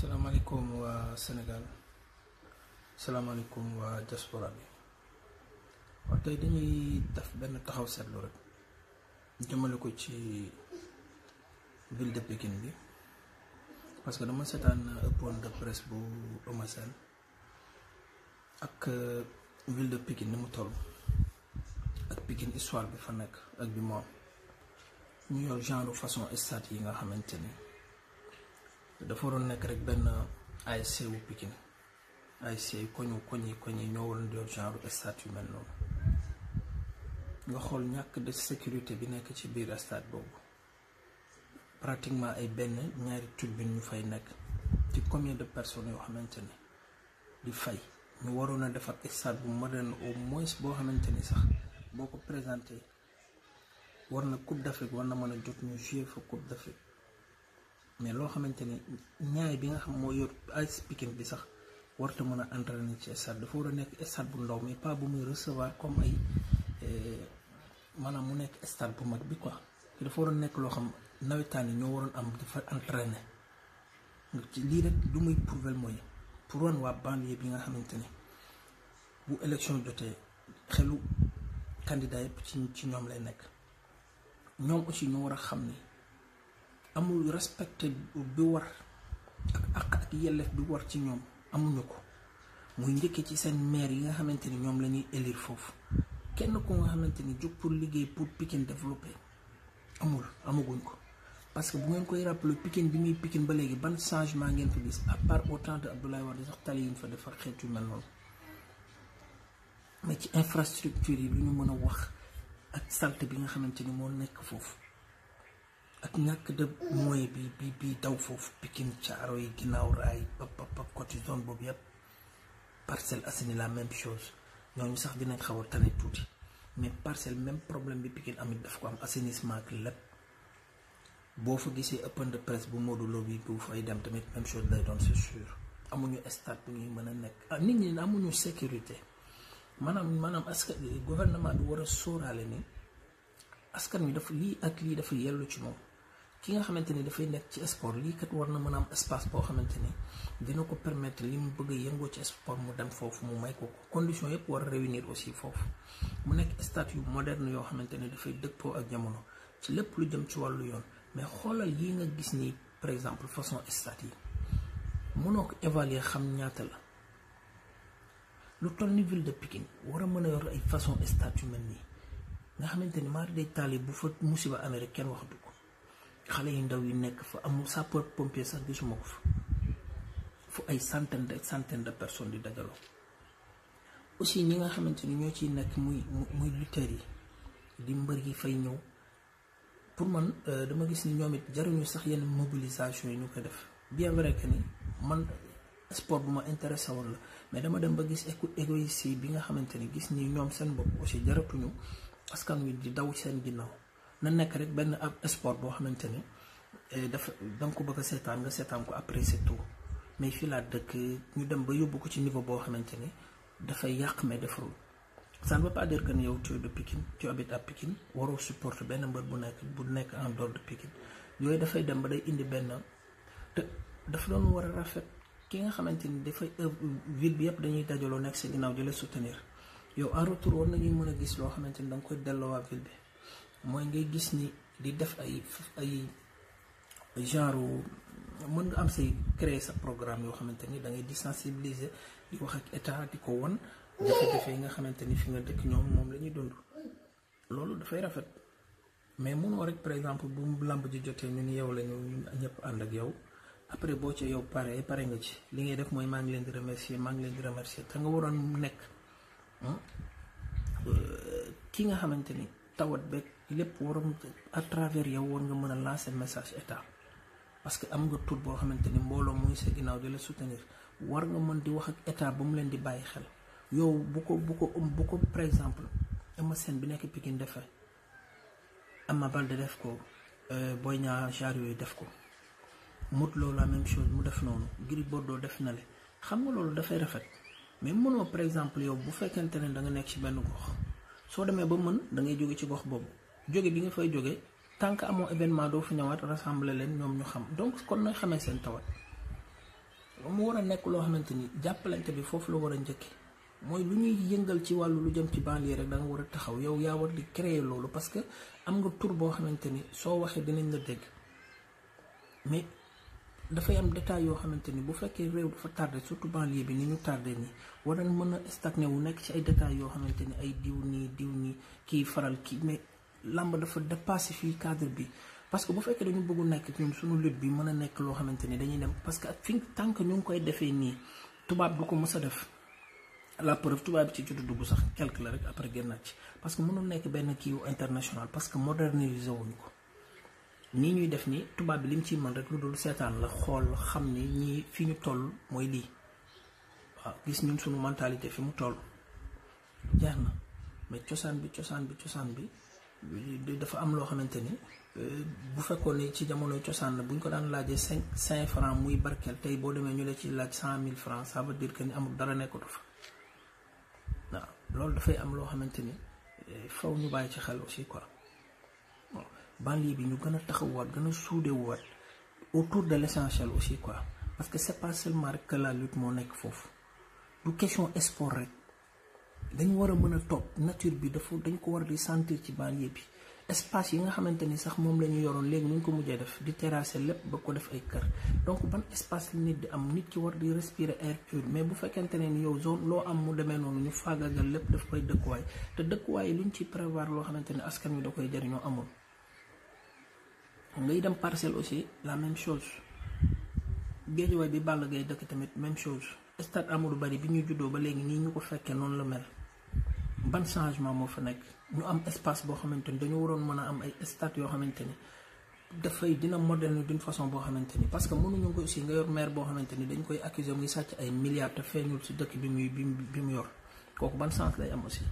salaamaaleykum waa Sénégal salaamaaleykum waa diaspora bi waaw tey dañuy def benn taxaw seetlu rek jëmale ko ci ville de Pikine bi parce que dama seetaan point de presse bu Eumeu Sène ak euh, ville de pekin ni mu toll ak Pikine histoire bi fa nekk ak bi moom ñu yor genre façon stade yi nga xamante ni. dafa waroon nekk rek benn ASC wu Pikine ASC yi koñu koñ yi koñ yi ñoo waroon def genre stade yu mel nga xool ñàkk de sécurité bi nekk ci biir stade boobu pratiquement ay benn ñaari tribune ñu fay nekk ci combien de personnes yoo xamante ni di fay ñu waroon a defar stade bu moderne au moins boo xamante ni sax boo ko présenté war na coupe d'Afrique war na mën a jot ñu jouer fa coupe d'Afrique mais loo xamante ni ñaay bi nga xam moo yor AS Pikine bi sax war warta mën a entraîner ci stade dafa war a nekk stade bu ndaw mais pas bu muy recevoir comme ay eh, maanaam mu nekk stade bu mag bi quoi dafa war a nekk loo xam nawetaan yi ñoo waroon am dafa entraîner ci lii rek du muy prouver mooy pour wan waa banlieue bi nga xamante ni bu élection jotee xelu candidat yëpp ci ci ñoom lay nekk ñoom aussi ñoo war a xam ni. amul respect bi war ak ak yelleef du war ci ñoom amuñu ko muy njëkk ci seen maire yi nga xamante ni ñoom la ñuy élire foofu kenn ko nga xamante ni jóg pour liggéey pour Pikine développer amul amaguñ ko parce que bu ngeen koy rappelé Pikine bi muy Pikine ba léegi ban changement ngeen fa gis à part au temps de Abdoulaye Wade sax tali yi ñu fa defar xeet yu mel noonu mais ci infrastructure yi lu ñu mën a wax ak salte bi nga xamante ni moo nekk foofu. ak ñàkk de moyen bi bi bi daw foofu Pikine caaro yi ginnaaw raay pap pap zone boobu yëpp Parcelles Assainies la même chose ñooñu sax dinañ xaw a tane tuuti mais parcelle même problème bi Pikine amit daf ko am assainissement ak lépp boo fa gisee open de presse bu Modou Lo bi bu fay dem tamit même chose lay doon c'est sûr amuñu stade bu ñuy mën a nekk ah nit ñi amuñu sécurité maanaam maanaam askan gouvernement bi war a sóoraale ni askan wi dafa lii ak lii dafa yellu ci moom ki nga xamante ni dafay nekk ci sport lii kat war na mën a am espace boo xamante ni dina ko permetre li mu bëgg a yëngoo ci sport mu dem foofu mu may ko condition yëpp war a réunir aussi foofu mu nekk stade moderne yoo xamante ni dafay dëppoo ak jamono ci lépp lu jëm ci wàllu yoon mais xoolal yi nga gis ni par exemple façon stade yi mënoo ko évaluer xam ñaata la lu toll ni ville de Pikine war a mën a yor ay façon stade yu mel nii nga xamante ni maa day taali bu fa musiba kenn wax du xale yu ndaw yi nekk fa amul sapeur pompier sax gisuma ko fa fu ay centaine de centaine de personnes di dajaloo aussi ñi nga xamante ni ñoo ciy nekk muy muy lutteurs yi di mbër yi fay ñëw pour man euh, dama gis ni ñoom it jaruñu sax yenn mobilisation yi ñu ko def bien vrai que ni man sport bu ma intéressé woon la mais dama dem ba gis égoïste bi nga xamante ni gis ni ñoom seen bopp aussi jaratuñu askan wi di daw seen ginnaaw. na nekk rek benn ab sport boo xamante ni eh, dafa da nga ko bëgg a seetaan nga seetaan ko après c'est tout mais fii laa dëkk ñu dem ba yóbbu ko ci niveau boo xamante ni dafay yàq mais defarul ça ne veut yow tu de Pikine tu habites à Pikine waroo supporter benn mbër bu nekk bu nekk en dehors de yooyu dafay dem ba day indi benn te dafa doon war a rafet ki nga xamante ni dafay ville bi yëpp dañuy dajaloo nekk sa ginnaaw di la soutenir yow en retour war nañuy mën a gis loo xamante ni da nga koy delloowaat ville bi. mooy ngay gis ni di def ay ay genre mën nga am say créer sa programme yoo xamante ni da ngay di sensibiliser di wax ak état di ko won jafe-jafe yi nga xamante ni fi nga dëkk ñoom moom la ñuy dund loolu dafay rafet mais mënoo rek par exemple bu làmb ji jotee ñun yow la ñu ñun ànd ak yow après boo ci yow pare pare nga ci li ngay def mooy maa ngi leen di remercier maa ngi leen di remercier te nga waroon mu nekk hmm, euh, ki nga xamante ni. tawat beeg lépp waroon à travers yow war nga mën a lancer message état parce que am nga tur boo xamante ni mbooloo muy sa ginnaaw di la soutenir war nga mën di wax ak état ba mu leen di bàyyi xel yow bu ko bu ko bu ko par exemple Eumeu bi nekk Pikine defee Ama Baldé def ko euh, Boy Niang genre yooyu def ko Modou loolu la même chose mu def noonu Gris doo def na le xam nga loolu dafay rafet mais mënoo par exemple yow bu fekkente ne da nga nekk ci benn gox. soo demee ba mën dangay jóge ci gox boobu jóge bi nga fay jóge tant que amoo événement doo fi ñëwaat rassembler leen ñoom ñu xam donc kon nañ xamee seen tawat mu war a nekk loo xamante ni jàppalante bi foofu la war a njëkki mooy lu ñuy yëngal ci wàllu lu jëm ci banlieue rek da nga war a taxaw yow yaa war di créer loolu parce que am nga tur boo xamante ni soo waxee dinañ la dégg dafay am détail yoo xamante ni bu fekkee réew dafa tardé surtout banlieue bi ni ñu tarde nii war a mën a stagné wu nekk ci ay détails yoo xamante ni ay diw nii diw nii kii faral kii mais làmb dafa dépassé fii cadre bi parce que bu fekkee dañu bëgg nekk ñun suñu lutte bi mën a nekk loo xamante ni dañuy dem parce que fi tant que ñu ngi koy defee nii tubaab du ko mës a def la preuve tubaab bi ci jot dugg sax quelque la rek après génnaat ci parce que mënul nekk benn kiiwu international parce que moderniser wuñu ko. nii ñuy def ni tubaab bi lim ciy mën rek lu dul seetaan la xool xam ni ñii fi ñu toll mooy lii waaw gis ñun suñu mentalité fi mu toll jeex na mais cosaan bi cosaan bi cosaan bi dafa am loo xamante ni euh, bu fekkoon ci jamonoy cosaan la bu ko daan laajee cinq cinq franc muy barkeel tey boo demee ñu la ci laaj cent mille franc ça veut dire que ni amul dara nekkatu fa waaw loolu dafay am loo xamante ni euh, faw ñu bàyyi ci xel aussi quoi. banlieue bi ñu gën a taxawaat gën a suudewaat autour de l' essentiel aussi quoi parce que c' est pas seulement la lutte moo nekk foofu du question sport rek dañu war a mën a topp nature bi dafa dañ ko war di sentir ci banlieue bi espace yi nga xamante ni sax moom la ñu yoroon léegi ñu ko mujjee def di terrasser lépp ba ko def ay kër donc ban espace la nit di am nit ci war di respirer air pur mais bu fekkente ne ni yow zone loo am mu demee noonu ñu faagagal lépp daf koy dëkkuwaay te dëkkuwaay luñ ci prévoir loo xamante ni askan wi da koy jëriñoo amul. ngay dem parcelle aussi la même chose géejuwaay bi Balla Gaye dëkk tamit même chose stade Amadou Barry bi ñu juddoo ba léegi nii ñu ko fekkee noonu la mel ban changement moo fa nekk ñu am space boo xamante ni dañu waroon mën a am ay stade yoo xamante ni dafay dina moderne d'une façon boo xamante ni parce que mënuñu ko aussi nga yor maire boo xamante ni dañ koy accuser muy sàcc ay milliards te feeñul si dëkk bi muy bi mu yor kooku ban sens lay am aussi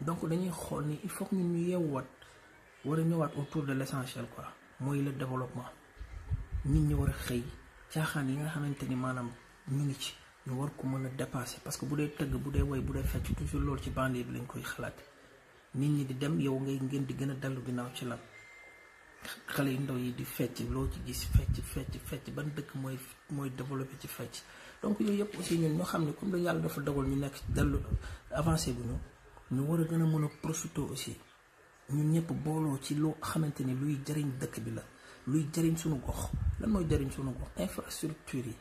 donc dañuy war a ñëwaat autour de l' essentiel quoi mooy le développement nit ñi war a xëy caaxaan yi nga xamante ni maanaam ñu ngi ci ñu war ko mën a dépasser parce que bu dee tëgg bu dee woy bu dee fecc toujours loolu ci banlieue bi lañ koy xalaat nit ñi di dem yow ngay ngeen di gën a dellu ginnaaw ci lan xale yu ndaw yi di fecc loo ci gis fecc fecc fecc ban dëkk mooy mooy développé ci fecc donc yooyu yëpp aussi ñun ñu xam ne comme da yàlla dafa dogal ñu nekk dellu avancé bu ñu ñu war a gën a mën a profité aussi ñu ñëpp booloo ci loo xamante ni luy jariñ dëkk bi la luy jariñ sunu gox lan mooy jariñ suñu gox infrastructure yi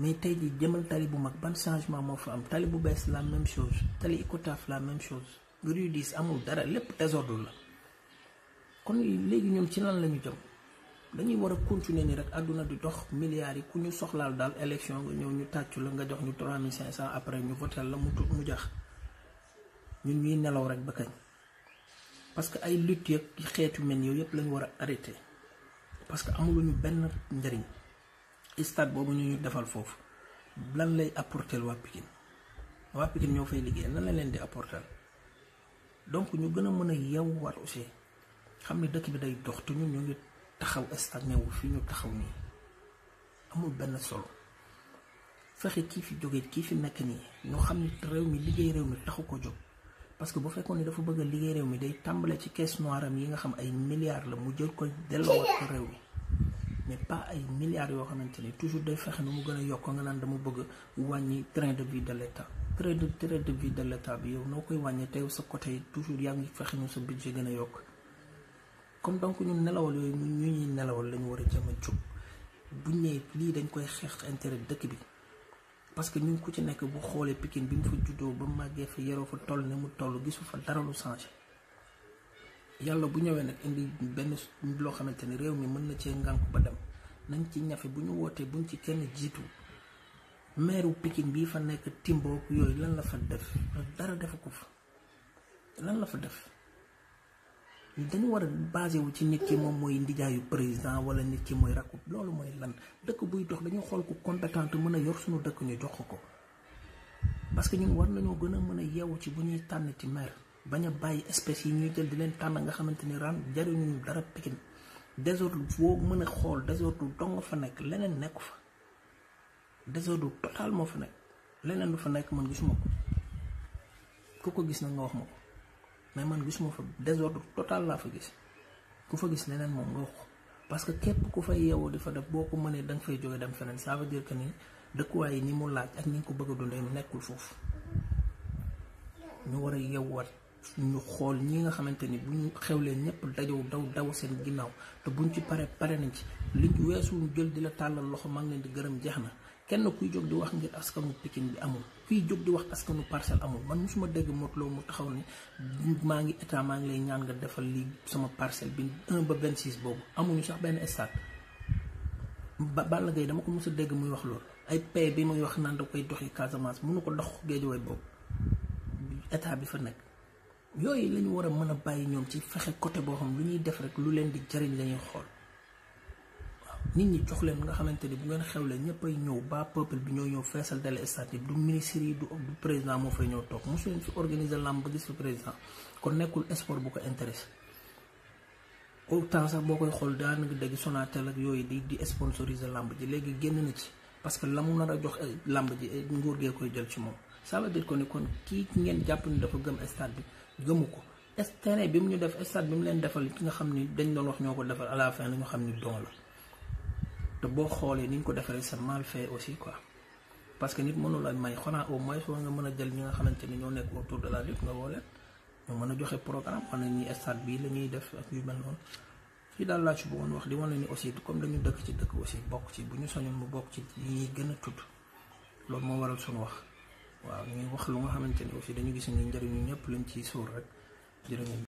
mais tey ji jëmal tali bu mag ban changement moo fa am tali bu bees la même chose tali Icotaf la même chose mbir yu diis amul dara lépp désordre la kon léegi ñoom ci lan la ñu jëm dañuy war a continuer ni rek àdduna di dox milliards yi ku ñu soxlaal daal élection nga ñëw ñu tàccu la nga jox ñu 3500 après ñu voté la mu tut mu jax ñun ñuy nelaw rek ba kañ. parce que ay lutte yeeg xeetu mel yooyu yëpp lañu war a arrêté parce que amuluñu benn njariñ stade boobu ñu ñu defal foofu lan lay apporter waa Pikine waa ñoo fay liggéey lan la leen di apporter donc ñu gën a mën a yeewu war aussi xam ne dëkk bi day dox te ñun ñu ngi taxaw stade ñëwul fii ñu taxaw nii amul benn solo fexe kii fi jógee kii fi nekk nii ñoo xam ne réew mi liggéey réew mi taxu ko jóg. parce que bu fekkoon ne dafa bëgg a liggéey réew mi day tàmbale ci caisse noire am yi nga xam ay milliards la mu jël ko delloowaat ko réew mi mais pas ay milliards yoo xamante ni toujours day fexe nu mu gën a yokk nga naan dama bëgg wàññi train de vie de l' état train de train de vie de l' bi yow noo koy wàññi teew sa côté toujours yaa ngi fexe nu sa budget gën a yokk comme donc ñun nelawal yooyu ñu ñuy nelawal lañu war a jëm a jóg buñ ne lii dañ koy xeex intérêt dëkk bi. parce que ñun ku ci nekk bu xoolee Pikine bi mu fa juddoo ba màggee fa yeroo fa toll ne mu toll gisu fa dara lu changé yàlla bu ñëwee nag indi benn loo xamante ne réew mi mën na cee ngànk ba dem nañ ci ñafe bu ñu wootee buñ ci kenn jiitu meeru Pikine bii fa nekk Timbo yooyu lan la fa def dara defu ko fa lan la fa def. dañu war a basé wu ci nit ki moom mooy ndijaayu président wala nit ki mooy rakku loolu mooy lan dëkk buy dox dañu xool ku compétente mën a yor suñu dëkk ñu jox ko parce que ñun war nañoo gën a mën a yeewu ci bu ñuy tànn ci maire bañ a bàyyi espèce yi ñuy jël di leen tànn nga xamante ni ren jariñu dara pikin désordre boo mën a xool désordre dong fa nekk leneen nekku fa désordre total moo fa nekk leneen lu fa nekk man gisuma ko ku ko gis na nga wax mais man gisuma fa désordre total laa fa gis ku fa gis leneen moom nga wax parce que képp ku fay yeewoo di fa def boo ko mënee da fay jóge dem feneen ça veut dire que dëkkuwaay yi ni mu laaj ak ni nga ko bëgg a dundee nekkul foofu ñu war a yeewuwaat ñu xool ñi nga xamante ni bu ñu xewlee ñëpp dajow daw daw seen ginnaaw te buñ ci pare pare nañ ci liñ weesu jël di la tàllal loxo maa ngi leen di gërëm jeex na kenn kuy jóg di wax ngir askanu Pikine bi amul. kuy jóg di wax askanu parcelle amul man mosuma dégg Modou mu taxaw ne maa ngi état maa ngi lay ñaan nga defal lii sama parcelle bi 1 ba 26 boobu amuñu sax benn stade ba Balla Gaye dama ko mos a dégg muy wax loolu ay pay bi muy wax naan da koy doxi Casamance mënu ko dox géejuwaay boobu état bi fa nekk yooyu la ñu war a mën a bàyyi ñoom ci fexe côté boo xam lu ñuy def rek lu leen di jariñ la ñuy xool. nit ñi jox leen nga xamante ni bu ngeen xewlee ñëpp ay ñëw ba peuple bi ñoo ñëw feesal dale stade du ministre du président moo fay ñëw toog mosu leen fi organiser làmb ba gis président kon nekkul sport bu ko intéressé autant sax boo koy xool daanaka dégg Sonatel ak yooyu di di sponsoriser làmb ji léegi génn na ci parce que la mu nar a jox eh, làmb ji eh, nguur gee koy jël ci moom ça veut dire que ni kon kii ngeen jàpp ni dafa gëm stade bi gëmu ko terrain bi mu ñu def stade bi mu leen defal ki nga xam ni dañ doon wax ñoo ko la fin ñu xam ni don te boo xoolee ni ñu ko defaree c'est mal fait aussi quoi parce que nit mënu la may xanaa au moins war nga mën a jël ñi nga xamante ni ñoo nekk autour de la lutte nga woo leen ñu mën a joxe programme xam ne nii stade bii la ñuy def ak yu mel noonu fii daal laa ci bëggoon wax di wane ni aussi comme dañu dëkk ci dëkk aussi bokk ci bu ñu soñoon mu bokk ci yi ñuy gën a tudd loolu moo waral suñu wax waaw ñu wax lu nga xamante ni aussi dañu gis ni njëriñu ñëpp lañ ciy suur rek jërëjëf.